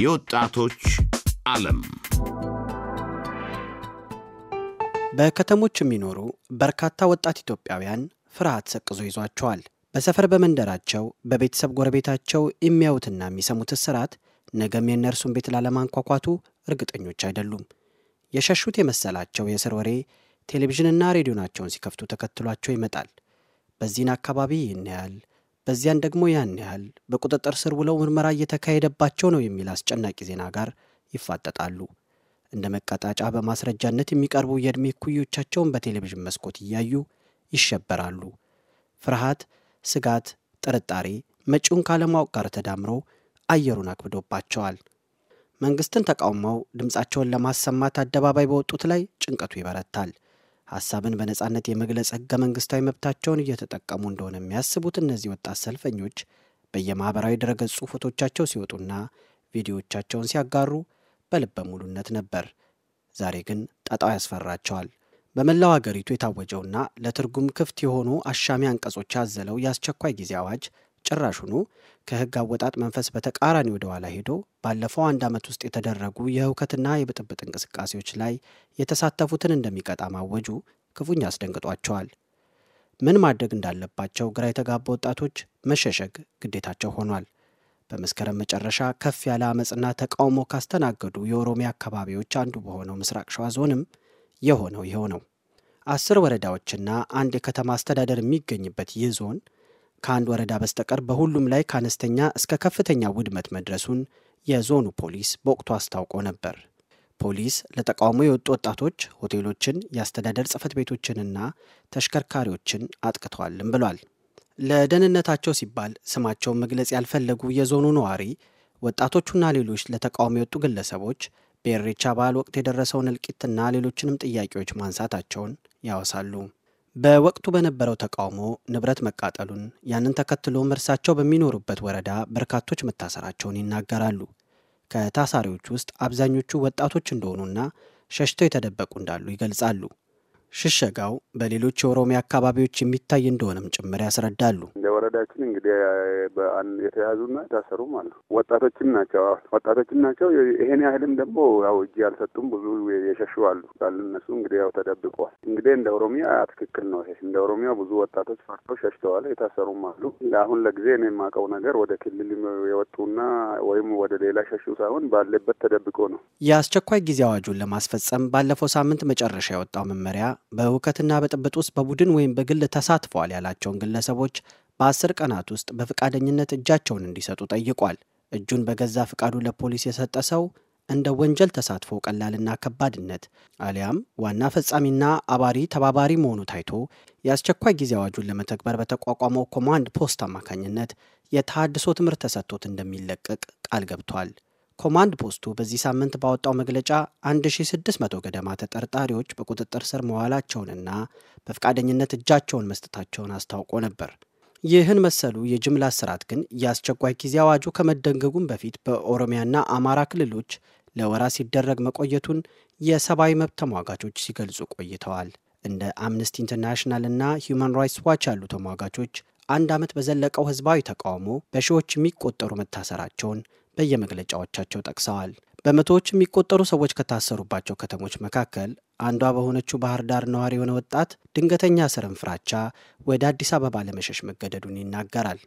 የወጣቶች ዓለም በከተሞች የሚኖሩ በርካታ ወጣት ኢትዮጵያውያን ፍርሃት ሰቅዞ ይዟቸዋል። በሰፈር በመንደራቸው፣ በቤተሰብ ጎረቤታቸው የሚያዩትና የሚሰሙት እስራት ነገም የእነርሱን ቤት ላለማንኳኳቱ እርግጠኞች አይደሉም። የሸሹት የመሰላቸው የእስር ወሬ ቴሌቪዥንና ሬዲዮናቸውን ሲከፍቱ ተከትሏቸው ይመጣል። በዚህን አካባቢ ይህን ያህል በዚያን ደግሞ ያን ያህል በቁጥጥር ስር ውለው ምርመራ እየተካሄደባቸው ነው የሚል አስጨናቂ ዜና ጋር ይፋጠጣሉ። እንደ መቀጣጫ በማስረጃነት የሚቀርቡ የዕድሜ ኩዮቻቸውን በቴሌቪዥን መስኮት እያዩ ይሸበራሉ። ፍርሃት፣ ስጋት፣ ጥርጣሬ መጪውን ካለማወቅ ጋር ተዳምሮ አየሩን አክብዶባቸዋል። መንግስትን ተቃውመው ድምፃቸውን ለማሰማት አደባባይ በወጡት ላይ ጭንቀቱ ይበረታል። ሀሳብን በነጻነት የመግለጽ ህገ መንግስታዊ መብታቸውን እየተጠቀሙ እንደሆነ የሚያስቡት እነዚህ ወጣት ሰልፈኞች በየማኅበራዊ ድረገጽ ፎቶቻቸው ሲወጡና ቪዲዮዎቻቸውን ሲያጋሩ በልበ ሙሉነት ነበር። ዛሬ ግን ጣጣው ያስፈራቸዋል። በመላው ሀገሪቱ የታወጀውና ለትርጉም ክፍት የሆኑ አሻሚ አንቀጾች ያዘለው የአስቸኳይ ጊዜ አዋጅ ጭራሹኑ ከህግ አወጣጥ መንፈስ በተቃራኒ ወደ ኋላ ሄዶ ባለፈው አንድ ዓመት ውስጥ የተደረጉ የእውከትና የብጥብጥ እንቅስቃሴዎች ላይ የተሳተፉትን እንደሚቀጣ ማወጁ ክፉኛ አስደንግጧቸዋል። ምን ማድረግ እንዳለባቸው ግራ የተጋባ ወጣቶች መሸሸግ ግዴታቸው ሆኗል። በመስከረም መጨረሻ ከፍ ያለ አመፅና ተቃውሞ ካስተናገዱ የኦሮሚያ አካባቢዎች አንዱ በሆነው ምስራቅ ሸዋ ዞንም የሆነው ይኸው ነው። አስር ወረዳዎችና አንድ የከተማ አስተዳደር የሚገኝበት ይህ ዞን ከአንድ ወረዳ በስተቀር በሁሉም ላይ ከአነስተኛ እስከ ከፍተኛ ውድመት መድረሱን የዞኑ ፖሊስ በወቅቱ አስታውቆ ነበር። ፖሊስ ለተቃውሞ የወጡ ወጣቶች ሆቴሎችን፣ የአስተዳደር ጽህፈት ቤቶችንና ተሽከርካሪዎችን አጥቅተዋልም ብሏል። ለደህንነታቸው ሲባል ስማቸውን መግለጽ ያልፈለጉ የዞኑ ነዋሪ ወጣቶቹና ሌሎች ለተቃውሞ የወጡ ግለሰቦች በኢሬቻ በዓል ወቅት የደረሰውን እልቂትና ሌሎችንም ጥያቄዎች ማንሳታቸውን ያወሳሉ። በወቅቱ በነበረው ተቃውሞ ንብረት መቃጠሉን ያንን ተከትሎም እርሳቸው በሚኖሩበት ወረዳ በርካቶች መታሰራቸውን ይናገራሉ። ከታሳሪዎች ውስጥ አብዛኞቹ ወጣቶች እንደሆኑና ሸሽተው የተደበቁ እንዳሉ ይገልጻሉ። ሽሸጋው በሌሎች የኦሮሚያ አካባቢዎች የሚታይ እንደሆነም ጭምር ያስረዳሉ። እንደ ወረዳችን እንግዲህ የተያዙና የታሰሩም አሉ። ወጣቶችም ናቸው ወጣቶችም ናቸው። ይሄን ያህልም ደግሞ ያው እጅ ያልሰጡም ብዙ የሸሹ አሉ። እነሱ እንግዲህ ያው ተደብቀዋል። እንግዲህ እንደ ኦሮሚያ ትክክል ነው ይሄ። እንደ ኦሮሚያ ብዙ ወጣቶች ፈርተው ሸሽተዋል። የታሰሩም አሉ። አሁን ለጊዜ እኔ የማውቀው ነገር ወደ ክልል የወጡና ወይም ወደ ሌላ ሸሹ ሳይሆን ባለበት ተደብቆ ነው። የአስቸኳይ ጊዜ አዋጁን ለማስፈጸም ባለፈው ሳምንት መጨረሻ የወጣው መመሪያ በውከትና በጥብጥ ውስጥ በቡድን ወይም በግል ተሳትፈዋል ያላቸውን ግለሰቦች በአስር ቀናት ውስጥ በፈቃደኝነት እጃቸውን እንዲሰጡ ጠይቋል። እጁን በገዛ ፍቃዱ ለፖሊስ የሰጠ ሰው እንደ ወንጀል ተሳትፎ ቀላልና ከባድነት አሊያም ዋና ፈጻሚና አባሪ ተባባሪ መሆኑ ታይቶ የአስቸኳይ ጊዜ አዋጁን ለመተግበር በተቋቋመው ኮማንድ ፖስት አማካኝነት የተሃድሶ ትምህርት ተሰጥቶት እንደሚለቀቅ ቃል ገብቷል። ኮማንድ ፖስቱ በዚህ ሳምንት ባወጣው መግለጫ 1600 ገደማ ተጠርጣሪዎች በቁጥጥር ስር መዋላቸውንና በፈቃደኝነት እጃቸውን መስጠታቸውን አስታውቆ ነበር። ይህን መሰሉ የጅምላ እስራት ግን የአስቸኳይ ጊዜ አዋጁ ከመደንገጉም በፊት በኦሮሚያና አማራ ክልሎች ለወራ ሲደረግ መቆየቱን የሰብአዊ መብት ተሟጋቾች ሲገልጹ ቆይተዋል። እንደ አምነስቲ ኢንተርናሽናል እና ሂውማን ራይትስ ዋች ያሉ ተሟጋቾች አንድ ዓመት በዘለቀው ህዝባዊ ተቃውሞ በሺዎች የሚቆጠሩ መታሰራቸውን በየመግለጫዎቻቸው ጠቅሰዋል። በመቶዎች የሚቆጠሩ ሰዎች ከታሰሩባቸው ከተሞች መካከል አንዷ በሆነችው ባህር ዳር ነዋሪ የሆነ ወጣት ድንገተኛ እስርን ፍራቻ ወደ አዲስ አበባ ለመሸሽ መገደዱን ይናገራል።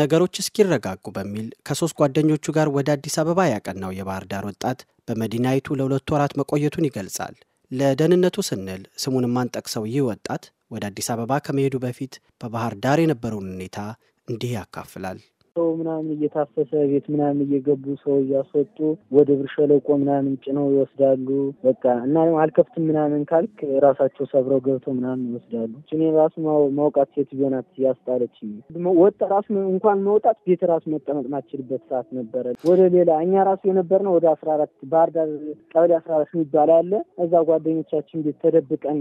ነገሮች እስኪረጋጉ በሚል ከሶስት ጓደኞቹ ጋር ወደ አዲስ አበባ ያቀናው የባህር ዳር ወጣት በመዲናይቱ ለሁለት ወራት መቆየቱን ይገልጻል። ለደህንነቱ ስንል ስሙን የማንጠቅሰው ይህ ወጣት ወደ አዲስ አበባ ከመሄዱ በፊት በባህር ዳር የነበረውን ሁኔታ እንዲህ ያካፍላል። ሰው ምናምን እየታፈሰ ቤት ምናምን እየገቡ ሰው እያስወጡ ወደ ብር ሸለቆ ምናምን ጭነው ይወስዳሉ። በቃ እና አልከፍትም ምናምን ካልክ ራሳቸው ሰብረው ገብተው ምናምን ይወስዳሉ። እኔ ራሱ ማውቃት ሴት ናት ያስጣለች። ወጣ ራሱ እንኳን መውጣት ቤት ራሱ መቀመጥ ማችልበት ሰዓት ነበረ። ወደ ሌላ እኛ ራሱ የነበርነው ወደ አስራ አራት ባህር ዳር ቀበሌ አስራ አራት የሚባል አለ። እዛ ጓደኞቻችን ቤት ተደብቀን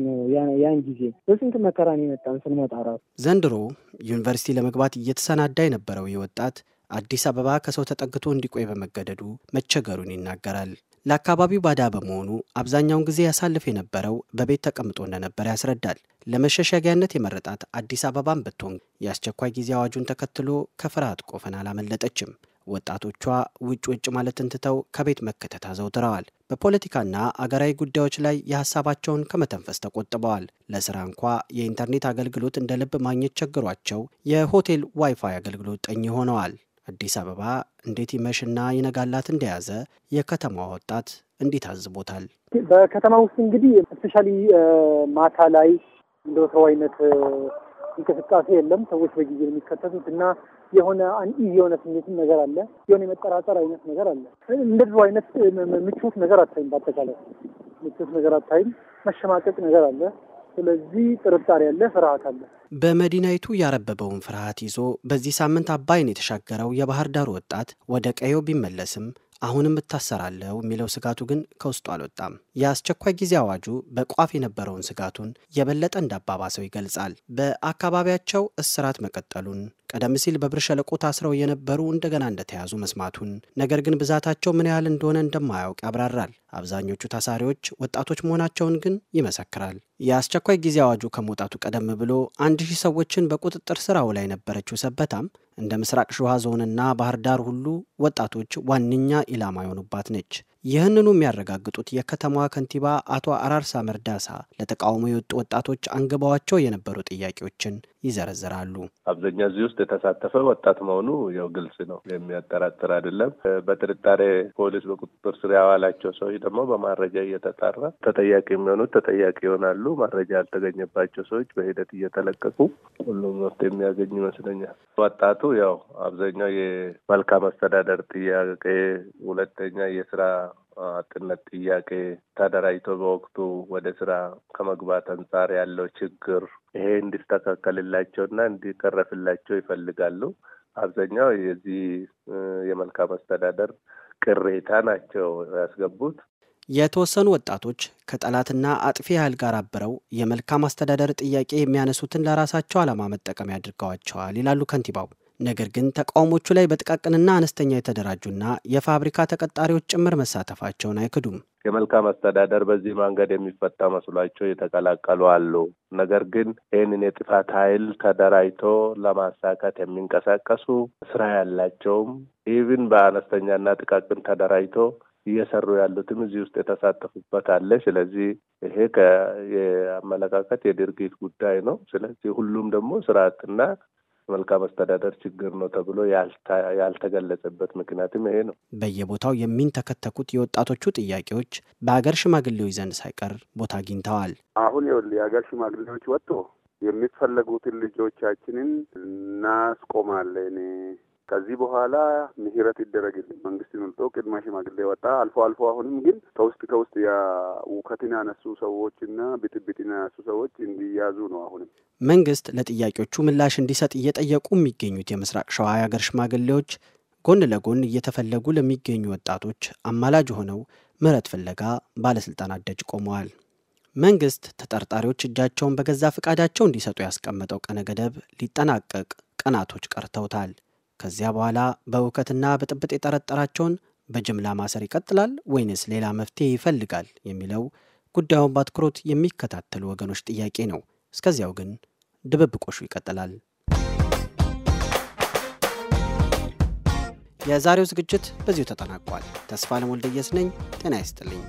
ያን ጊዜ በስንት መከራን የመጣን ስንመጣ ራሱ ዘንድሮ ዩኒቨርሲቲ ለመግባት እየተሰናዳ የነበረው የወጣ ወጣት አዲስ አበባ ከሰው ተጠግቶ እንዲቆይ በመገደዱ መቸገሩን ይናገራል። ለአካባቢው ባዳ በመሆኑ አብዛኛውን ጊዜ ያሳልፍ የነበረው በቤት ተቀምጦ እንደነበር ያስረዳል። ለመሸሸጊያነት የመረጣት አዲስ አበባን ብትሆን የአስቸኳይ ጊዜ አዋጁን ተከትሎ ከፍርሃት ቆፈን አላመለጠችም። ወጣቶቿ ውጭ ውጭ ማለትን ትተው ከቤት መከተት አዘውትረዋል። በፖለቲካና አገራዊ ጉዳዮች ላይ የሀሳባቸውን ከመተንፈስ ተቆጥበዋል። ለስራ እንኳ የኢንተርኔት አገልግሎት እንደ ልብ ማግኘት ቸግሯቸው የሆቴል ዋይፋይ አገልግሎት ጠኝ ሆነዋል። አዲስ አበባ እንዴት ይመሽና ይነጋላት እንደያዘ የከተማዋ ወጣት እንዴት አዝቦታል። በከተማ ውስጥ እንግዲህ ስፔሻሊ ማታ ላይ እንደ አይነት እንቅስቃሴ የለም። ሰዎች በጊዜ የሚከተቱት እና የሆነ አንኢ የሆነ ስሜት ነገር አለ። የሆነ የመጠራጠር አይነት ነገር አለ። ድሮ አይነት ምቾት ነገር አታይም። በአጠቃላይ ምቾት ነገር አታይም። መሸማቀቅ ነገር አለ። ስለዚህ ጥርጣሬ አለ፣ ፍርሃት አለ። በመዲናይቱ ያረበበውን ፍርሃት ይዞ በዚህ ሳምንት አባይን የተሻገረው የባህር ዳር ወጣት ወደ ቀዮ ቢመለስም አሁንም እታሰራለሁ የሚለው ስጋቱ ግን ከውስጡ አልወጣም። የአስቸኳይ ጊዜ አዋጁ በቋፍ የነበረውን ስጋቱን የበለጠ እንዳባባሰው ይገልጻል። በአካባቢያቸው እስራት መቀጠሉን ቀደም ሲል በብር ሸለቆ ታስረው የነበሩ እንደገና እንደተያዙ መስማቱን ነገር ግን ብዛታቸው ምን ያህል እንደሆነ እንደማያውቅ ያብራራል። አብዛኞቹ ታሳሪዎች ወጣቶች መሆናቸውን ግን ይመሰክራል። የአስቸኳይ ጊዜ አዋጁ ከመውጣቱ ቀደም ብሎ አንድ ሺህ ሰዎችን በቁጥጥር ስር ላይ የነበረችው ሰበታም እንደ ምስራቅ ሸዋ ዞንና ባህር ዳር ሁሉ ወጣቶች ዋነኛ ኢላማ የሆኑባት ነች። ይህንኑ የሚያረጋግጡት የከተማዋ ከንቲባ አቶ አራርሳ መርዳሳ ለተቃውሞ የወጡ ወጣቶች አንግበዋቸው የነበሩ ጥያቄዎችን ይዘረዝራሉ። አብዛኛ እዚህ ውስጥ የተሳተፈ ወጣት መሆኑ ያው ግልጽ ነው፣ የሚያጠራጥር አይደለም። በጥርጣሬ ፖሊስ በቁጥጥር ስር ያዋላቸው ሰዎች ደግሞ በማረጃ እየተጣራ ተጠያቂ የሚሆኑት ተጠያቂ ይሆናሉ። ማረጃ ያልተገኘባቸው ሰዎች በሂደት እየተለቀቁ ሁሉም መፍትሄ የሚያገኝ ይመስለኛል። ወጣቱ ያው አብዛኛው የመልካም አስተዳደር ጥያቄ፣ ሁለተኛ የስራ አጥነት ጥያቄ ተደራጅቶ በወቅቱ ወደ ስራ ከመግባት አንጻር ያለው ችግር ይሄ እና እንዲቀረፍላቸው ይፈልጋሉ። አብዛኛው የዚህ የመልካም አስተዳደር ቅሬታ ናቸው ያስገቡት። የተወሰኑ ወጣቶች ከጠላትና አጥፊ ኃይል ጋር አብረው የመልካም አስተዳደር ጥያቄ የሚያነሱትን ለራሳቸው ዓላማ መጠቀም ያድርገዋቸዋል ይላሉ ከንቲባው። ነገር ግን ተቃውሞቹ ላይ በጥቃቅንና አነስተኛ የተደራጁና የፋብሪካ ተቀጣሪዎች ጭምር መሳተፋቸውን አይክዱም። የመልካም አስተዳደር በዚህ መንገድ የሚፈታ መስሏቸው የተቀላቀሉ አሉ። ነገር ግን ይህንን የጥፋት ኃይል ተደራጅቶ ለማሳካት የሚንቀሳቀሱ ስራ ያላቸውም ኢቭን በአነስተኛና ጥቃቅን ተደራጅቶ እየሰሩ ያሉትም እዚህ ውስጥ የተሳተፉበት አለ። ስለዚህ ይሄ የአመለካከት የድርጊት ጉዳይ ነው። ስለዚህ ሁሉም ደግሞ ስርዓትና መልካም አስተዳደር ችግር ነው ተብሎ ያልተገለጸበት ምክንያትም ይሄ ነው። በየቦታው የሚንተከተኩት የወጣቶቹ ጥያቄዎች በሀገር ሽማግሌዎች ዘንድ ሳይቀር ቦታ አግኝተዋል። አሁን የሀገር ሽማግሌዎች ወጥቶ የሚፈለጉትን ልጆቻችንን እናስቆማለን ከዚህ በኋላ ምህረት ይደረግል መንግስት ምልጦ ቅድመ ሽማግሌ ወጣ። አልፎ አልፎ አሁንም ግን ከውስጥ ከውስጥ ውከትን ያነሱ ሰዎችና ብጥብጥን ያነሱ ሰዎች እንዲያዙ ነው። አሁንም መንግስት ለጥያቄዎቹ ምላሽ እንዲሰጥ እየጠየቁ የሚገኙት የምስራቅ ሸዋ የሀገር ሽማግሌዎች ጎን ለጎን እየተፈለጉ ለሚገኙ ወጣቶች አማላጅ ሆነው ምህረት ፍለጋ ባለስልጣናት ደጅ ቆመዋል። መንግስት ተጠርጣሪዎች እጃቸውን በገዛ ፈቃዳቸው እንዲሰጡ ያስቀመጠው ቀነ ገደብ ሊጠናቀቅ ቀናቶች ቀርተውታል። ከዚያ በኋላ በእውከትና ብጥብጥ የጠረጠራቸውን በጅምላ ማሰር ይቀጥላል ወይንስ ሌላ መፍትሄ ይፈልጋል የሚለው ጉዳዩን በአትኩሮት የሚከታተሉ ወገኖች ጥያቄ ነው። እስከዚያው ግን ድብብቆሹ ይቀጥላል። የዛሬው ዝግጅት በዚሁ ተጠናቋል። ተስፋ ለሞልደየስ ነኝ። ጤና ይስጥልኝ።